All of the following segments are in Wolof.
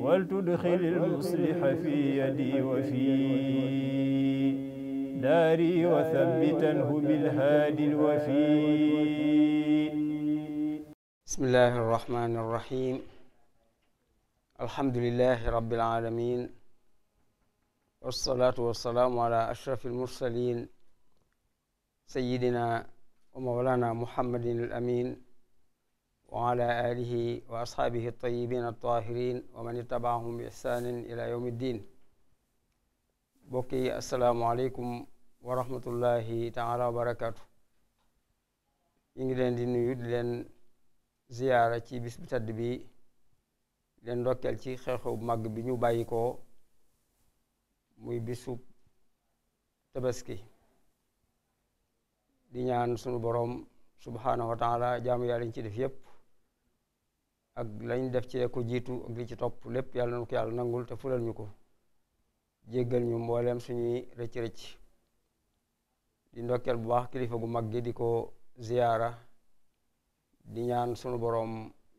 ولتدخل المصلح في يدي وفي داري وثبتنه بالهادي الوفي بسم الله الرحمن الرحيم الحمد لله رب العالمين والصلاة والسلام على أشرف المرسلين سيدنا ومولانا محمد الأمين wa alihi wa ashaabihi at-tayyibin at-tahirin wa man ittaba'ahum bi ihsanin ila yawmi ddin bokk yi asalaamualeykum wa rahmatullahi taala wa barakaatu ñu ngi leen di nuyu di leen ziyaara ci bis bi tadd bi leen ndokkeel ci xeexu xew mag bi ñu bàyyi muy bisu tabaski di ñaan sunu boroom subhaanahu wa taala jaamu yàlla ci def yépp ak lañ def ci ko jiitu ak li ci topp lépp yàlla na ko yàlla nangul te fulal ñu ko jéggal ñu mbooleem suñuy rëcc-rëcc di ndokkeel bu baax kilifa gu mag gi di ko ziyaara di ñaan sunu boroom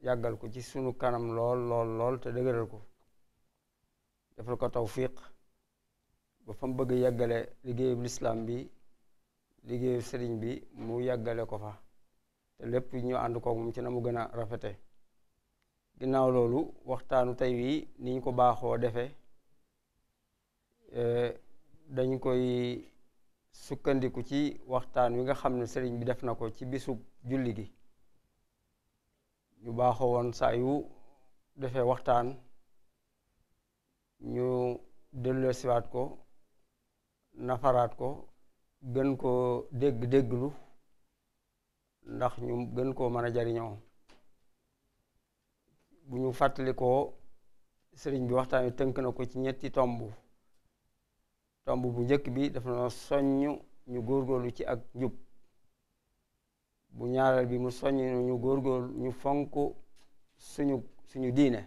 yàggal ko ci sunu kanam lool lool te dëgëral ko defal ko tawfiq ba fa mu bëgg yàggale liggéeyub lislaam bi liggéeyub sëriñ bi mu yàggale ko fa te lépp ñu ànd koog ci na mu gën a rafete dinaaw loolu waxtaanu tey wi niñ ko baaxoo defe eh, dañ koy sukkandiku ci waxtaan wi nga xam ne sëriñ bi def na ko ci bisub julli gi ñu baaxoo woon saa yu defee waxtaan ñu delloosiwaat ko nafaraat ko gën koo dégg dégglu ndax ñu gën koo mën a jariñoo bu ñu fàttalikoo sëriñ bi waxtaan wi tënk na ko ci ñetti tomb tomb bu njëkk bi dafa na soññ ñu góor góorlu ci ak njub bu ñaareel bi mu soññ ñu ñu fonk suñu diine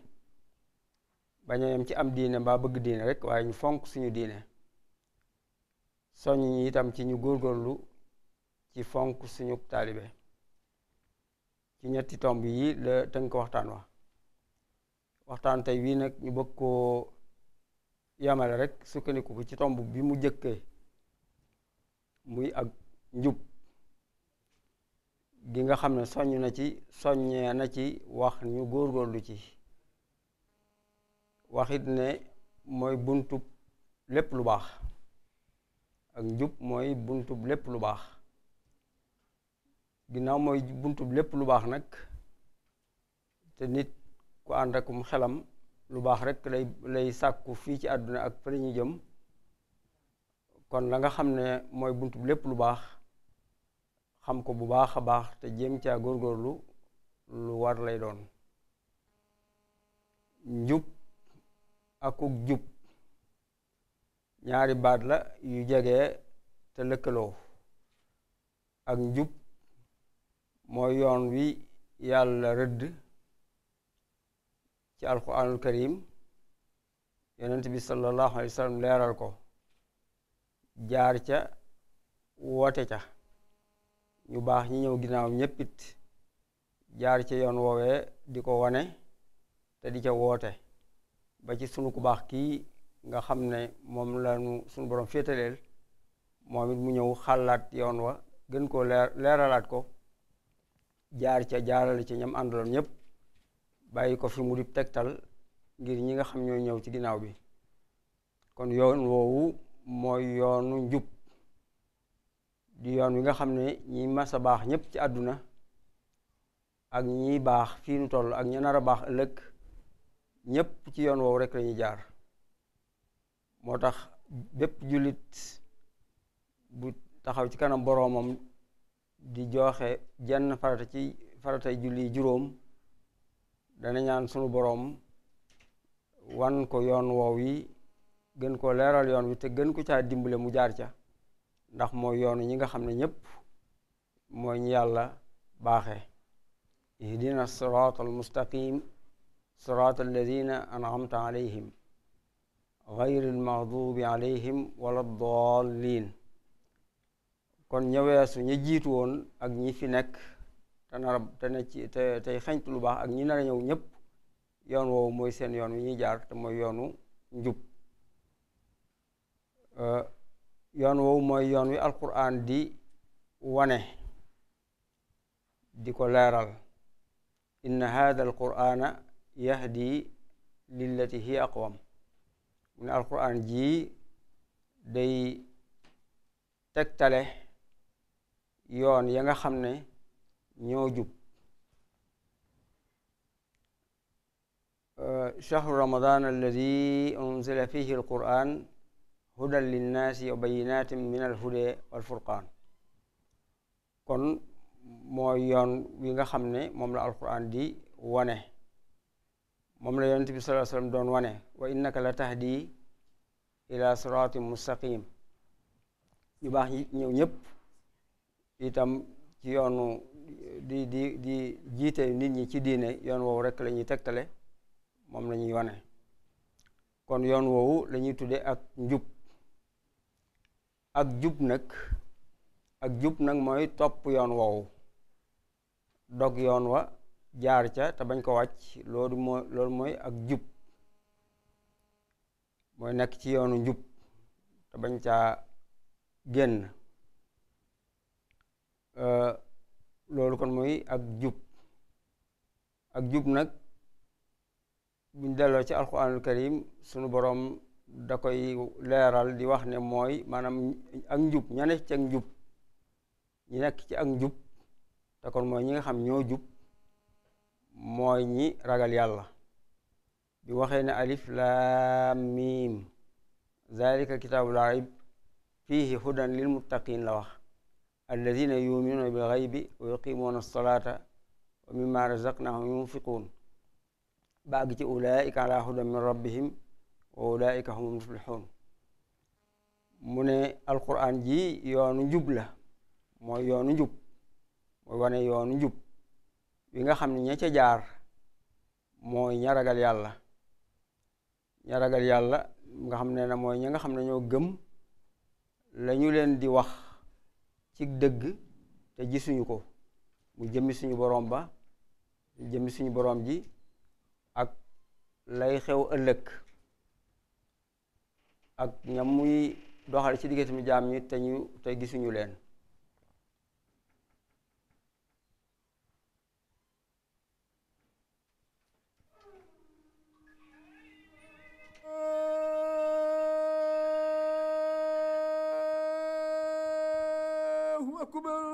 bañ ci am diine mbaa bëgg diine rek waaye ñu fonk suñu diine soññ ñi itam ci ñu góorgóorlu ci fonk suñu taalibe ci ñetti tomb yi la tënk waxtaan wa waxtaan tey wii nag ñu bëgg koo yamale rekk sukkandiku ko ci tomb bi mu jëkkee muy ak njub gi nga xam ne soññ na ci soññee na ci wax ñu góorgóorlu ci waxit ne mooy buntub lépp lu baax ak njub mooy buntub lépp lu baax ginnaaw mooy buntub lépp lu baax nag te nit ku ànd akum xelam lu baax rek lay sàkku fii ci àdduna ak fële ñu jëm kon la nga xam ne mooy buntu lépp lu baax xam ko bu baax a baax te jéem caa góorgóorlu lu war lay doon njub akuk jub ñaari baat la yu jege te lëkkaloo ak njub mooy yoon wi yàlla rëdd ci alquranul karim yonent bi sallallahu alayhi wa sallam leeral ko jaar ca woote ca ñu baax ñi ñëw ginnaaw ñéppit jaar ca yoon woowee di ko wane te di ca woote ba ci sunu ku baax kii nga xam ne moom lañu sunu borom féetaleel moom it mu ñëw xallaat yoon wa gën ko leer leeralaat ko jaar ca jaarale ca ñam àndaloon ñépp bàyyi ko fi mu di tegtal ngir ñi nga xam ñooy ñëw ci ginnaaw bi kon yoon woowu mooy yoonu njub di yoon wi nga xam ne ñi mas a baax ñépp ci àdduna ak ñi baax fii nu toll ak ñi nar a baax ëllëg ñépp ci yoon woowu rek lañuy jaar moo tax bépp jullit bu taxaw ci kanam boroomam di joxe jenn farata ci faratay julli juróom dana ñaan sunu boroom wan ko yoon woow yi gën koo leeral yoon wi te gën ko caa dimbale mu jaar ca ndax mooy yoonu ñi nga xam ne ñépp mooy ñi yàlla baaxe ihdina siraat almustaqim siraat alladina an'amta alayhim gayri almaxdubi alayhim wala daalliin kon ña weesu ña jiitu woon ak ñi fi nekk te nar te ne tey xeñtu lu baax ak ñi nar ñëw ñëpp yoon woow mooy seen yoon wi ñuy jaar te mooy yoonu njub euh, yoon woowu mooy yoon wi alquran di wane di ko leeral inna hada alqurana yahdi lillati hiya aqwam mu ne alquran jii day tegtale yoon ya nga xam ne ñoo jub euh, shahru ramadan alladi unzila fihi alquran hudan linnaasi wa bayinatin min alhuda walfurqaan kon mooy yoon wi nga xam ne moom la alquran di wane moom la yonent bi sallallahu alayhi wasallam doon wane wa innaka la tahdi ila siraatin mustaqim ñu baax ñëw ñëpp itam ci yoonu di di di jiite nit ñi ci diine yoon woowu rek lañuy ñuy moom lañuy ñuy wane kon yoon woowu lañuy ñuy tudde ak njub ak jub nag ak jub nag mooy topp yoon woowu dog yoon wa jaar ca te bañ ko wàcc loolu mooy ak jub mooy nekk ci yoonu njub te bañ caa génn loolu kon mooy ak jub ak jub nag buñ delloo ci alquranul karim sunu boroom da koy leeral di wax ne mooy maanaam ak njub ña nekk ci ak njub ñi nekk ci ak njub te kon mooy ñi nga xam ñoo jub mooy ñi ragal yàlla bi waxee ne alif laam miim zalika kitaabu laa rayb fiihi hudan lil muttaqin la wax alladina yuminuuna bil xaybi wa yuqimuuna alsalaata wa mimma razaqnahum yunfiquun baag ci ulaika ala hudan min rabbihim wa ulaika humul muflixuun mu ne alquran ji yoonu njub la mooy yoonu njub mooy wane yoonu njub wi nga xam ne ña ca jaar mooy ña ragal yàlla ña ragal yàlla nga xam ne na mooy ña nga xam ne ñoo gëm lañu leen di wax ci dëgg te gisuñu ko mu jëmmi suñu boroom ba jëmmi suñu boroom ji ak lay xew ëllëg ak ñam muy doxal ci diggante mu jaam ñi te ñu te gisuñu leen أكبر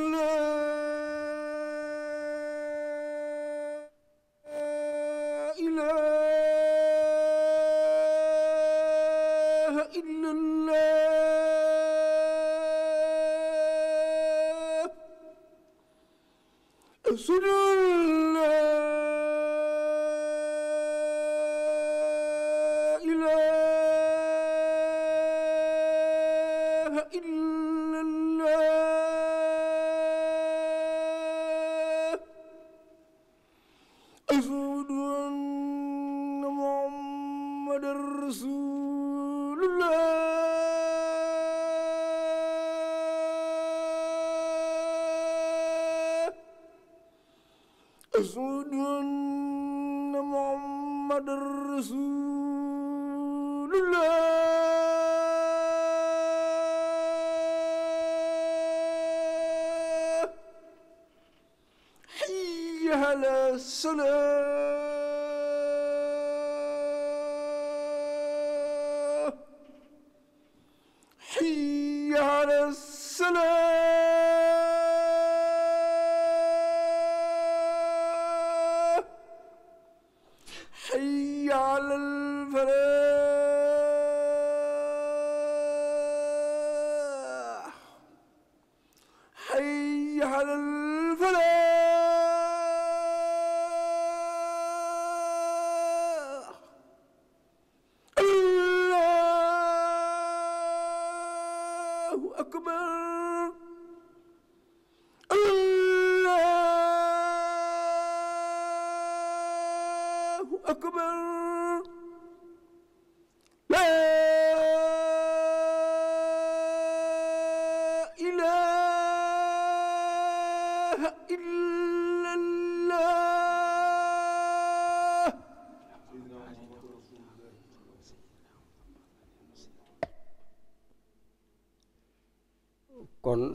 suñu على الفراغ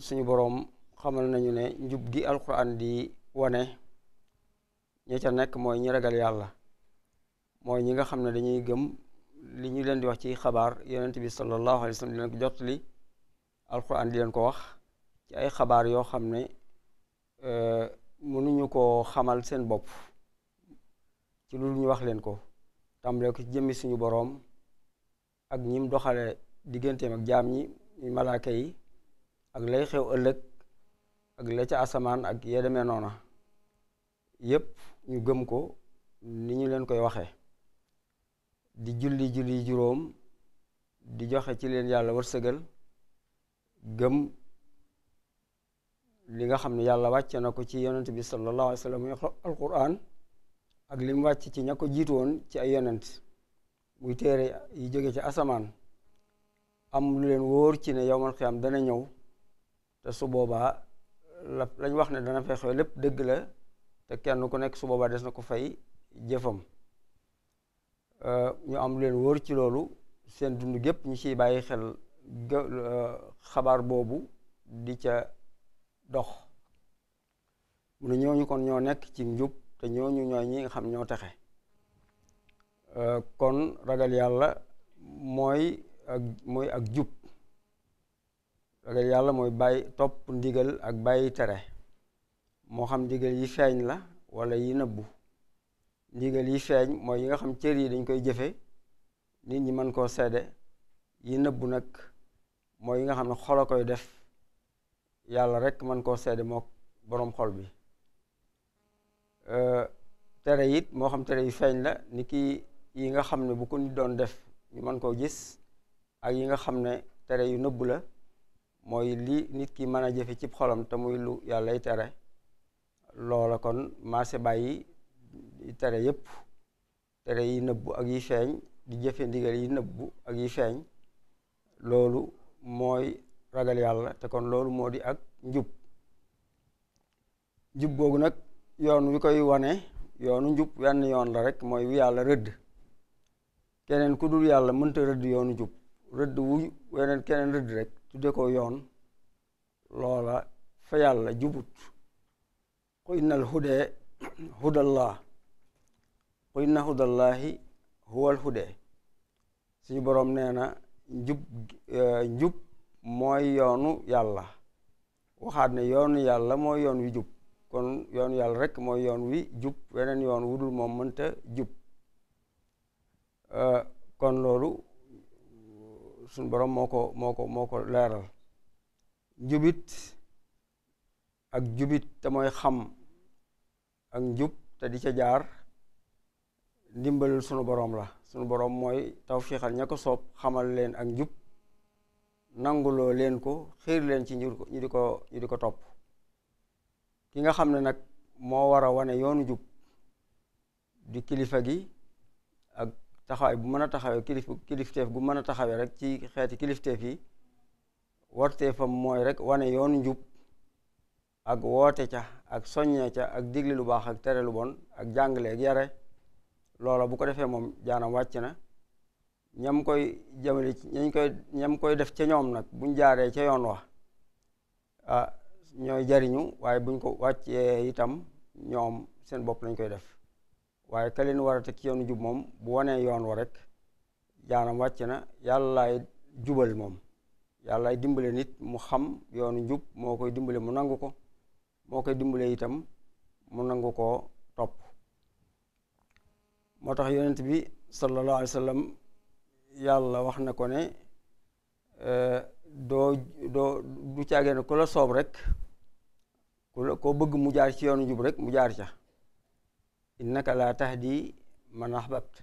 suñu boroom xamal nañu ne njub gi alquran di wane ña ca nekk mooy ñi ragal yàlla mooy ñi nga xam ne dañuy gëm li ñu leen di wax ci xabaar yonent bi sallallahu alayhi wa sallam di leen ko jot di leen ko wax ci ay xabaar yoo xam ne euh, mënuñu ko xamal seen bopp ci lu ñu wax leen ko tàmbalee ko ci jëmmi suñu boroom ak ñim doxale digganteem ak jaam ñi malaaka yi ak lay xew ëllëg ak la ca asamaan ak ya demee noona yépp ñu gëm ko ni ñu leen koy waxe di julli julli juróom di joxe ci leen yàlla sëgal gëm li nga xam ne yàlla wàcce na ko ci yonent bi sallallahu alayhi wa sallam muy ak li wàcc ci ña ko jiitu woon ci ay yonent muy téere yi jóge ci asamaan am lu leen wóor ci ne yowmal xiyaam dana ñëw te su boobaa la lañ wax ne dana fay xew lépp dëgg la te kenn ku nekk su boobaa des na ko fay jëfam euh, ñu am leen wóor ci loolu seen dund gépp ñu ciy bàyyi xel euh, xabaar boobu di ca dox mu ne ñooñu kon ñoo nekk ci njub te ñooñu ñooy ñi nga xam ñoo texe euh, kon ragal yàlla mooy ak mooy ak jub ragal yàlla mooy bàyyi topp ndigal ak bàyyi tere moo xam ndigal yi feeñ la wala yi nëbbu ndigal yi feeñ mooy yi nga xam cër yi dañ koy jëfe nit ñi mën koo seede yi nag mooy yi nga xam ne xol a koy def yàlla rek mën koo seede mook boroom xol bi tere it moo xam tere yu feeñ la nit ki yi nga xam ne bu ko nit doon def ñu mën koo gis ak yi nga xam ne tere yu nëbbu la mooy li nit ki mën a jëfe cib xolam te muy lu yàllay tere loola kon marché bàyyi tere yépp tere yi nëbbu ak yi feeñ jëfe ndigal yi nëbbu ak yi feeñ loolu mooy ragal yàlla te kon loolu moo di ak njub njub googu nag yoon wi koy wane yoonu njub wenn yoon la rek mooy wi yàlla rëdd keneen ku dul yàlla mënta rëdd yoonu njub rëdd wu weneen keneen rëdd rek tudde ko yoon loola fa yàlla jubut qu innal hude hudallah qu inna hudallahi huwal hude suñu boroom nee na njub e, njub mooy yoonu yàlla waxaat ne yoonu yàlla mooy yoon wi jub kon yoonu yàlla rek mooy yoon wi jub weneen yoon wudul moom mënta jub e, kon loolu suñ boroom moo ko moo ko moo ko leeral njubit ak jubit te mooy xam ak njub te di ca jaar ndimbalul sunu boroom la sunu boroom mooy taw ña ko soob xamal leen ak njub nanguloo leen ko xiir leen ci ñu di ko ñu di ko topp ki nga xam ne nag moo war a wane yoonu jub di kilifa gi ak taxawaay bu mën a taxawee kilif kilifteef gu mën a taxawee rek ci xeeti kilifteef yi warteefam mooy rek wane yoon njub ak woote ca ak soññee ca ak digle lu baax ak tere lu bon ak jàngale ak yare loolo bu ko defee moom jaanam wàcc na ñam koy jamale ñañ koy ñam koy def ca ñoom nag buñ jaaree ca yoon wa ah, ñooy jariñu waaye buñ ko wàccee itam ñoom seen bopp lañ koy def waaye ka leen war a teg yoonu jub moom bu wanee yoon wa rek jaanam wàcc na yàllaay jubal moom yàllaay dimbale nit mu xam yoonu njub moo koy dimbale mu nangu ko moo koy dimbale itam mu nangu koo topp moo tax yonent bi sallallahu alayhi wa yàlla wax na ko ne e, doo doo du caagee ne ku la soob rek ku la koo bëgg mu jaar ci yoonu njub rek mu jaar ca innaka laa tahdi man ahbabt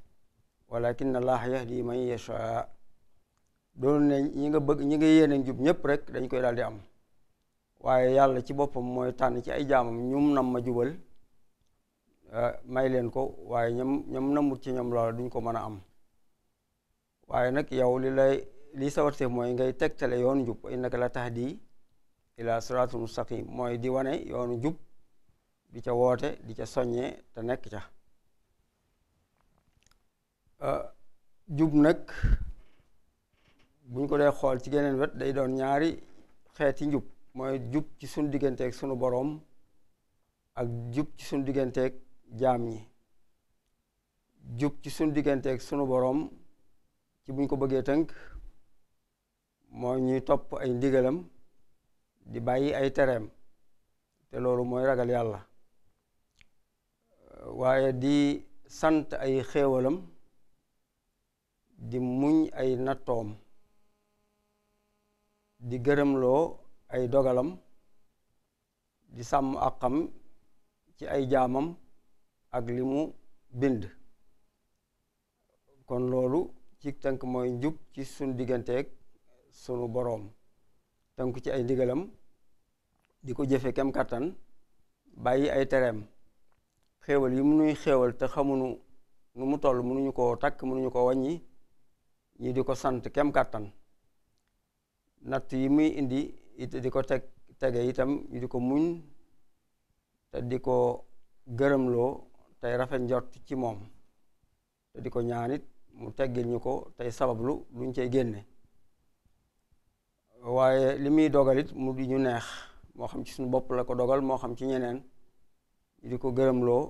walakin allah yahdi man yasha doon ne ñi nga bëgg ñi nga yéene njub ñépp rek dañ koy daal di am waaye yàlla ci boppam mooy tànn ci ay jaamam ñum nam ma jubal eh, may leen ko waaye ñam ñam namut ci ñoom loola duñ ko mën a am waaye nag yow li lii li sawatee mooy ngay tegtale yoonu njub innaka la tahdi ila siraatul mustaqim mooy di wane yoonu jub di ca woote di ca soññee te nekk ca ah, jub nag buñ ko dee xool ci geneen wet day doon ñaari xeeti njub mooy jub ci sunu digganteek sunu boroom ak jub ci sunu digganteeg jaam ñi jub ci sunu digganteeg sunu boroom ci buñ ko bëggee tënk moo ñuy topp ay ndigalam di bàyyi ay tereem te loolu mooy ragal yàlla waaye di sant ay xéewalam di muñ ay nattoom di gërëmloo ay dogalam di sàmm àqam ci ay jaamam ak li mu bind kon loolu ci tënk mooy njub ci sunu digganteeg sunu boroom tënk ci ay ndigalam di ko jëfe kem kàttan bàyyi ay tereem xéewal yi nuy xéewal te xamunu nu mu toll munuñu koo takk munuñu ko wàññi ñi di ko sant kem kàttan natt yi muy indi it di ko teg tege itam ñu di ko muñ te di ko gërëmloo tey rafet njort ci moom te di ko ñaanit mu teggil ñu ko tey sabablu luñ cey génne waaye li muy dogalit mu di ñu neex moo xam ci suñu bopp la ko dogal moo xam ci ñeneen di ko gërëmloo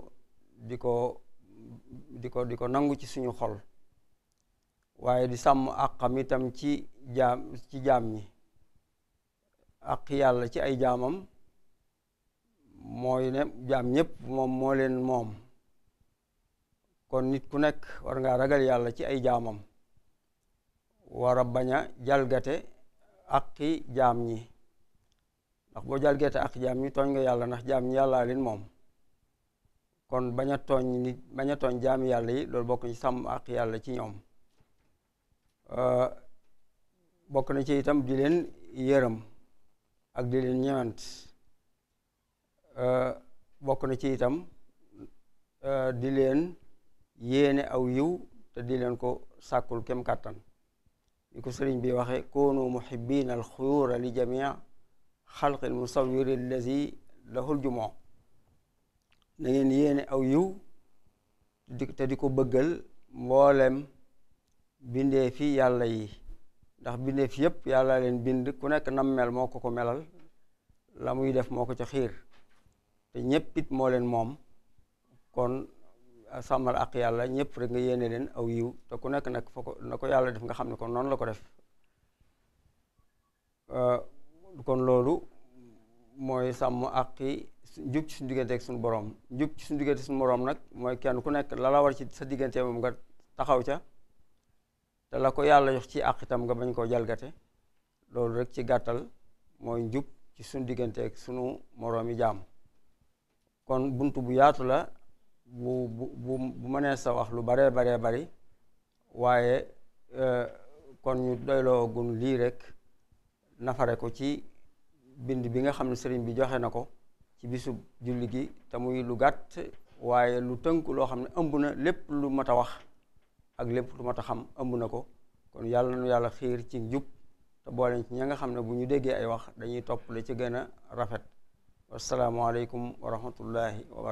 di ko di ko di ko nangu ci suñu xol waaye di sàmm àqam itam ci jaam ci jaam ñi àq yàlla ci ay jaamam mooy ne jaam ñépp moom moo leen moom kon nit ku nekk war ngaa ragal yàlla ci ay jaamam wara a bañ a jalgate aqi jaam ñi ndax boo jalgate aqi jaam ñi tooñ nga yàlla ndax jaam ñi yàllaa leen moom kon bañ a tooñ nit bañ a tooñ yàlla yi loolu bokk na ci sàmm ak yàlla ci ñoom euh, bokk na ci itam di leen yërëm ak di leen ñewant euh, bokk na ci itam euh, di leen yéene aw yiw te di leen ko sàkkul kem kàttan li ko sëriñ bi waxe koonu muhibbina alxuyuura li jamia xalqil musawiri allazi lahul jumoo nangeen ngeen yéene aw yiw te di ko bëggal mbooleem bindee fi yàlla yi ndax bindee fi yépp yàlla leen bind ku nekk nam mel moo ko ko melal la muy def moo ko ca xiir te ñépp it moo leen moom kon sàmmal ak yàlla ñépp rek nga yéene leen aw yiw te ku nekk nag foo ko na ko yàlla def nga xam ne kon noonu la ko def kon loolu mooy sàmm àqi njub ci suñu diggante ak suñu boroom njub ci suñu diggante suñu borom nag mooy kenn ku nekk la la ci sa diggante moom nga taxaw ca te la ko yàlla jox ci àq itam nga bañ koo jalgate loolu rek ci gàttal mooy njub ci suñu diggante ak suñu moroom yi jaam kon bunt bu yaatu la bu bu bu bu mënee sa wax lu baree baree bari waaye e, kon ñu doyloo gun lii rek nafare ko ci bind bi nga xam ne sëriñ bi joxe na ko ci bisu julli gi te muy lu gàtt waaye lu tënk loo xam ne ëmb na lépp lu mat a wax ak lépp lu mat a xam ëmb na ko kon yàlla nu yàlla xiir ci njub te boole ci ña nga xam ne bu ñu déggee ay wax dañuy topp la ci gën a rafet wasalaamualeykum wa rahmatullahi wa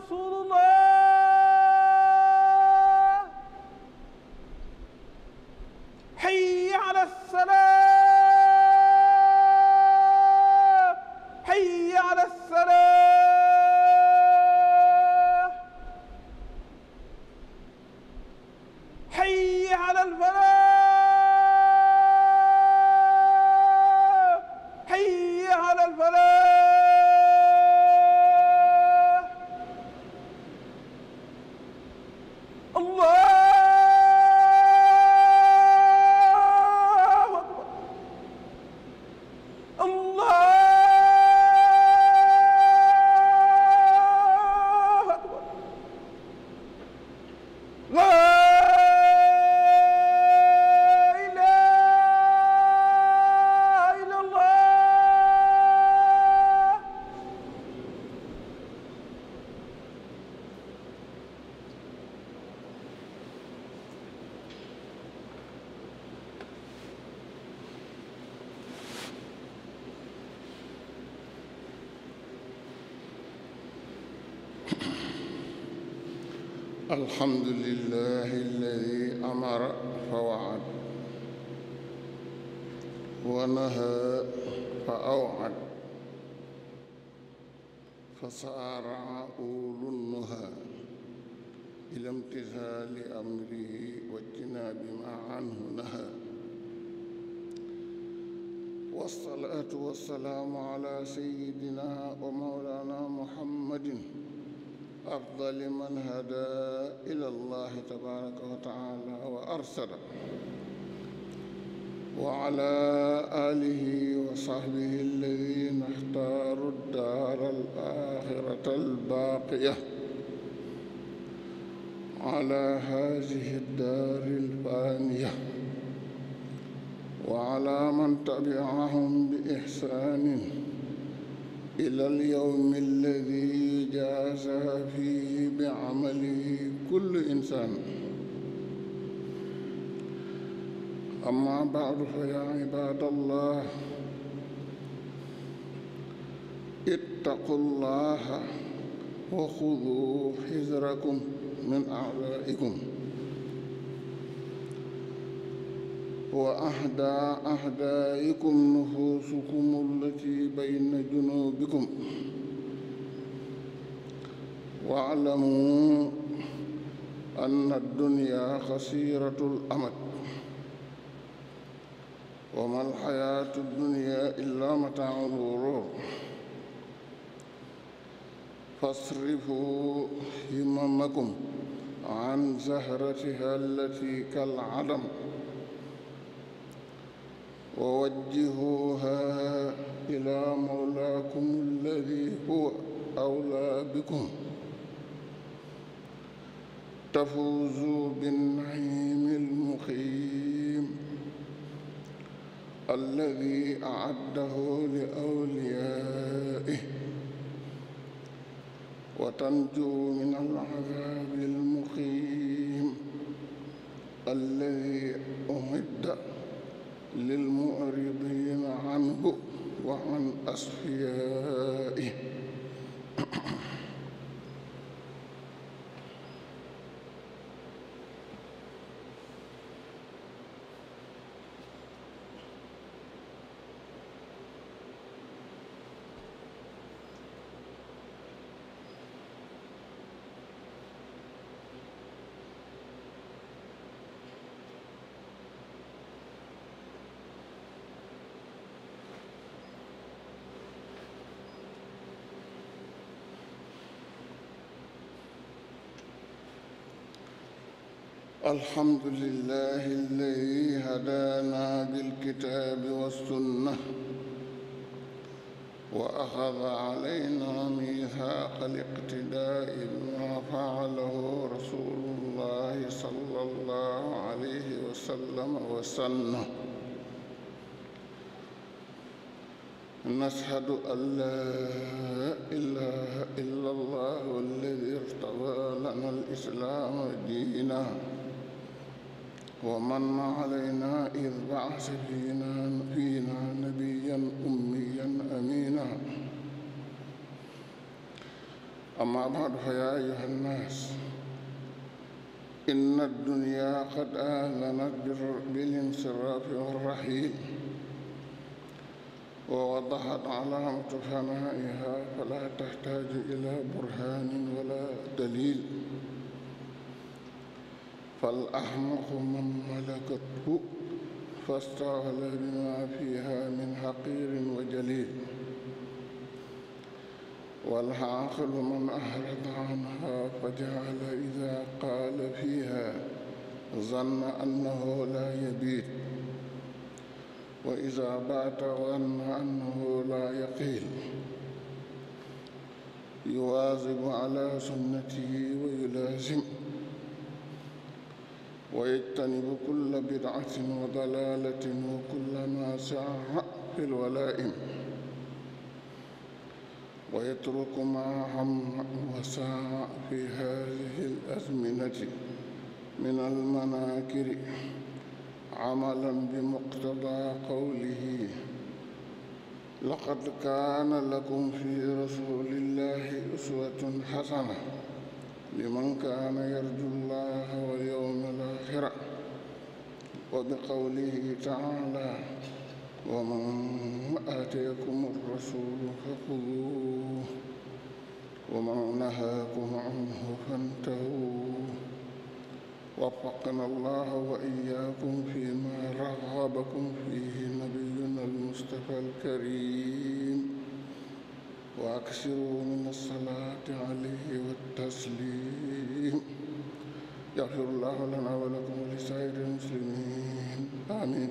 Resulullah الحمد لله الذي أمر فوعد ونهى فأوعد فصارع أولو النهى إلى امتثال أمره واجتناب ما عنه نهى والصلاة والسلام على سيدنا ومولانا محمد أفضل من هدى إلى الله تبارك وتعالى وأرشد وعلى آله وصحبه الذين اختاروا الدار الآخرة الباقية على هذه الدار الفانية وعلى من تبعهم بإحسان إلى اليوم الذي جازى فيه بعمله كل إنسان أما بعد فيا عباد الله اتقوا الله وخذوا حذركم من أعدائكم وأحدى أحدائكم نفوسكم التي بين جنوبكم واعلموا أن الدنيا قصيرة الأمد وما الحياة الدنيا إلا متاع الغرور فاصرفوا هممكم عن زهرتها التي كالعدم ووجهوها إلى مولاكم الذي هو أولى بكم تفوزوا بالنعيم المقيم الذي أعده لأوليائه وتنجو من العذاب المقيم الذي أمد للمعرضين عنه وعن أصفيائه الحمد لله الذي هدانا بالكتاب والسنة وأخذ علينا ميثاق الاقتداء بما فعله رسول الله صلى الله عليه وسلم وسنه نشهد أن لا إله إلا الله والذي ارتضى لنا الإسلام دينا ومن علينا إذ بعث فينا, فينا نبيا أميا أمينا أما بعد فيا أيها الناس إن الدنيا قد آذنت بالانصراف والرحيل ووضحت علامة فنائها فلا تحتاج إلى برهان ولا دليل فالأحمق من ملكته فاستغل بما فيها من حقير وجليل والعاقل من أعرض عنها فجعل إذا قال فيها ظن أنه لا يبيت وإذا بات ظن أنه لا يقيل يواظب على سنته ويلازم ويجتنب كل بدعة وضلالة وكل ما ساء بالولائم ويترك ما هم وساء في هذه الأزمنة من المناكر عملا بمقتضى قوله لقد كان لكم في رسول الله أسوة حسنة liman kaana yarju llaha wal yawmal aaxira wa bi qawlihi taala wa man aataakum rasuulu faxuduuhu wa man nahaakum anhu fantahuu waffaqana llaaha wa iyyaakum fiimaa raxxabakum fiihi nabiyyunaa al-mustafaa al-kariim وأكثروا من الصلاة عليه والتسليم يغفر الله لنا ولكم ولسائر المسلمين آمين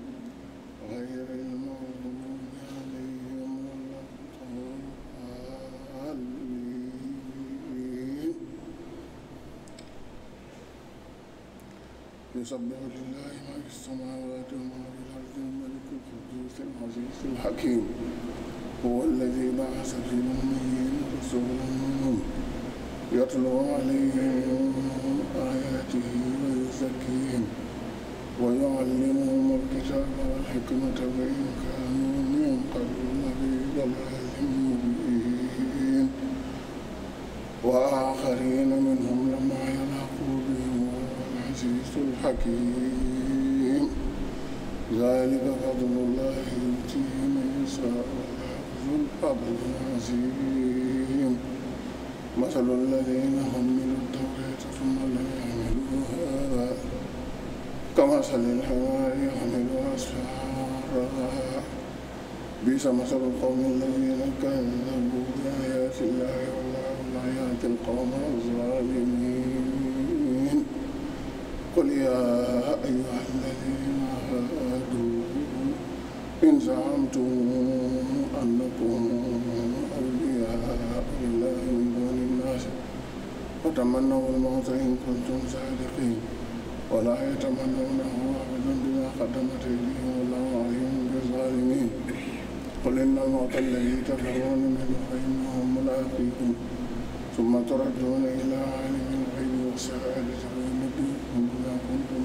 يسبح لله ما في السماوات وما في الأرض الملك القدوس العزيز الحكيم هو الذي بعث في الأميين رسولا منهم يتلو عليهم آياته ويزكيهم ويعلمهم الكتاب والحكمة وإن كانوا من قبل في ضلال مبين وآخرين منهم الحكيم ذلك فضل الله يؤتيه من يشاء ذو الفضل العظيم مثل الذين حملوا التوراة ثم لا يحملوها كمثل الحمار يحمل أسفارا بئس مثل القوم الذين كذبوا بآيات الله والله لا يهدي القوم الظالمين قل يا أيها الذين هادوا إن زعمتم أنكم أولياء لله من دون الناس فتمنوا الموت إن كنتم صادقين ولا يتمنونه أبدا بما قدمت إليهم والله عليم بالظالمين قل إن الموت الذي تفرون منه فإنه ملاقيكم ثم تردون إلى عالم الغيب والشهادة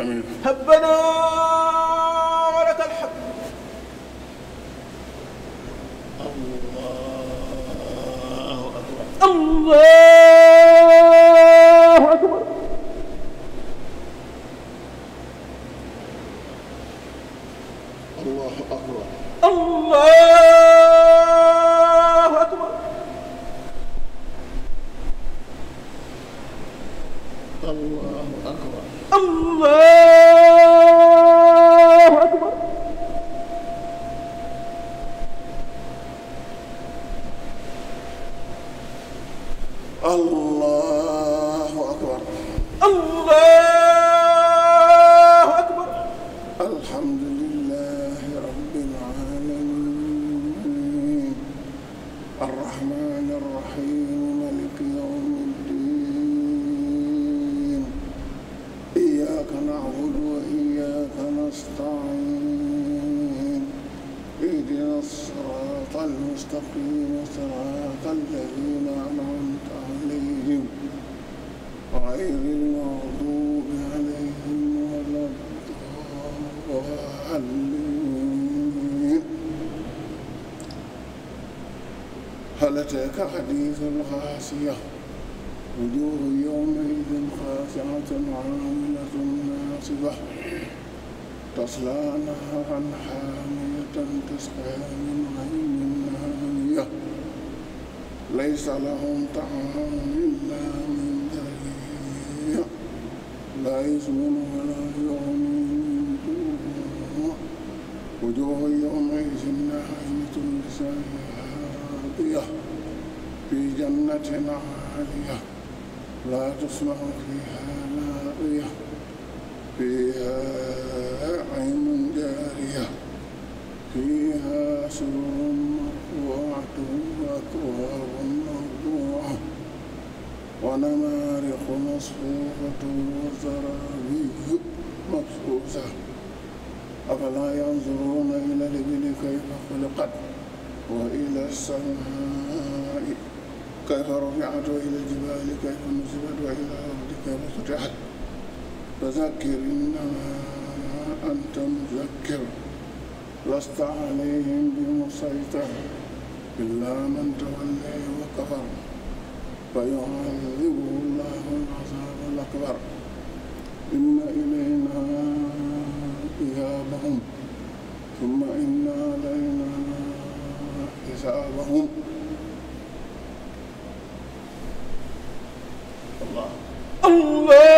آمين ربنا ولك الحمد الله أكبر الله صبح تصلى نارا حامية تسقى من عين آنية ليس لهم طعام إلا من ذريع لا يسمن ولا يغني من جوع وجوه يومئذ ناعمة لسانها في جنة عالية لا تسمع فيها فيها عين جارية فيها سرر مرفوعة وأكواب مرفوعة ونمارق مصفوفة وزرابي مبثوثة أفلا ينظرون إلى الإبل كيف خلقت وإلى السماء كيف رفعت وإلى الجبال كيف نصبت وإلى الأرض كيف سطحت فذكر إنما أنت مذكر لست عليهم بمسيطر إلا من تولي وكفر فيعذبه الله العذاب الأكبر إن إلينا إيابهم ثم إن علينا حسابهم الله الله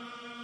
Amen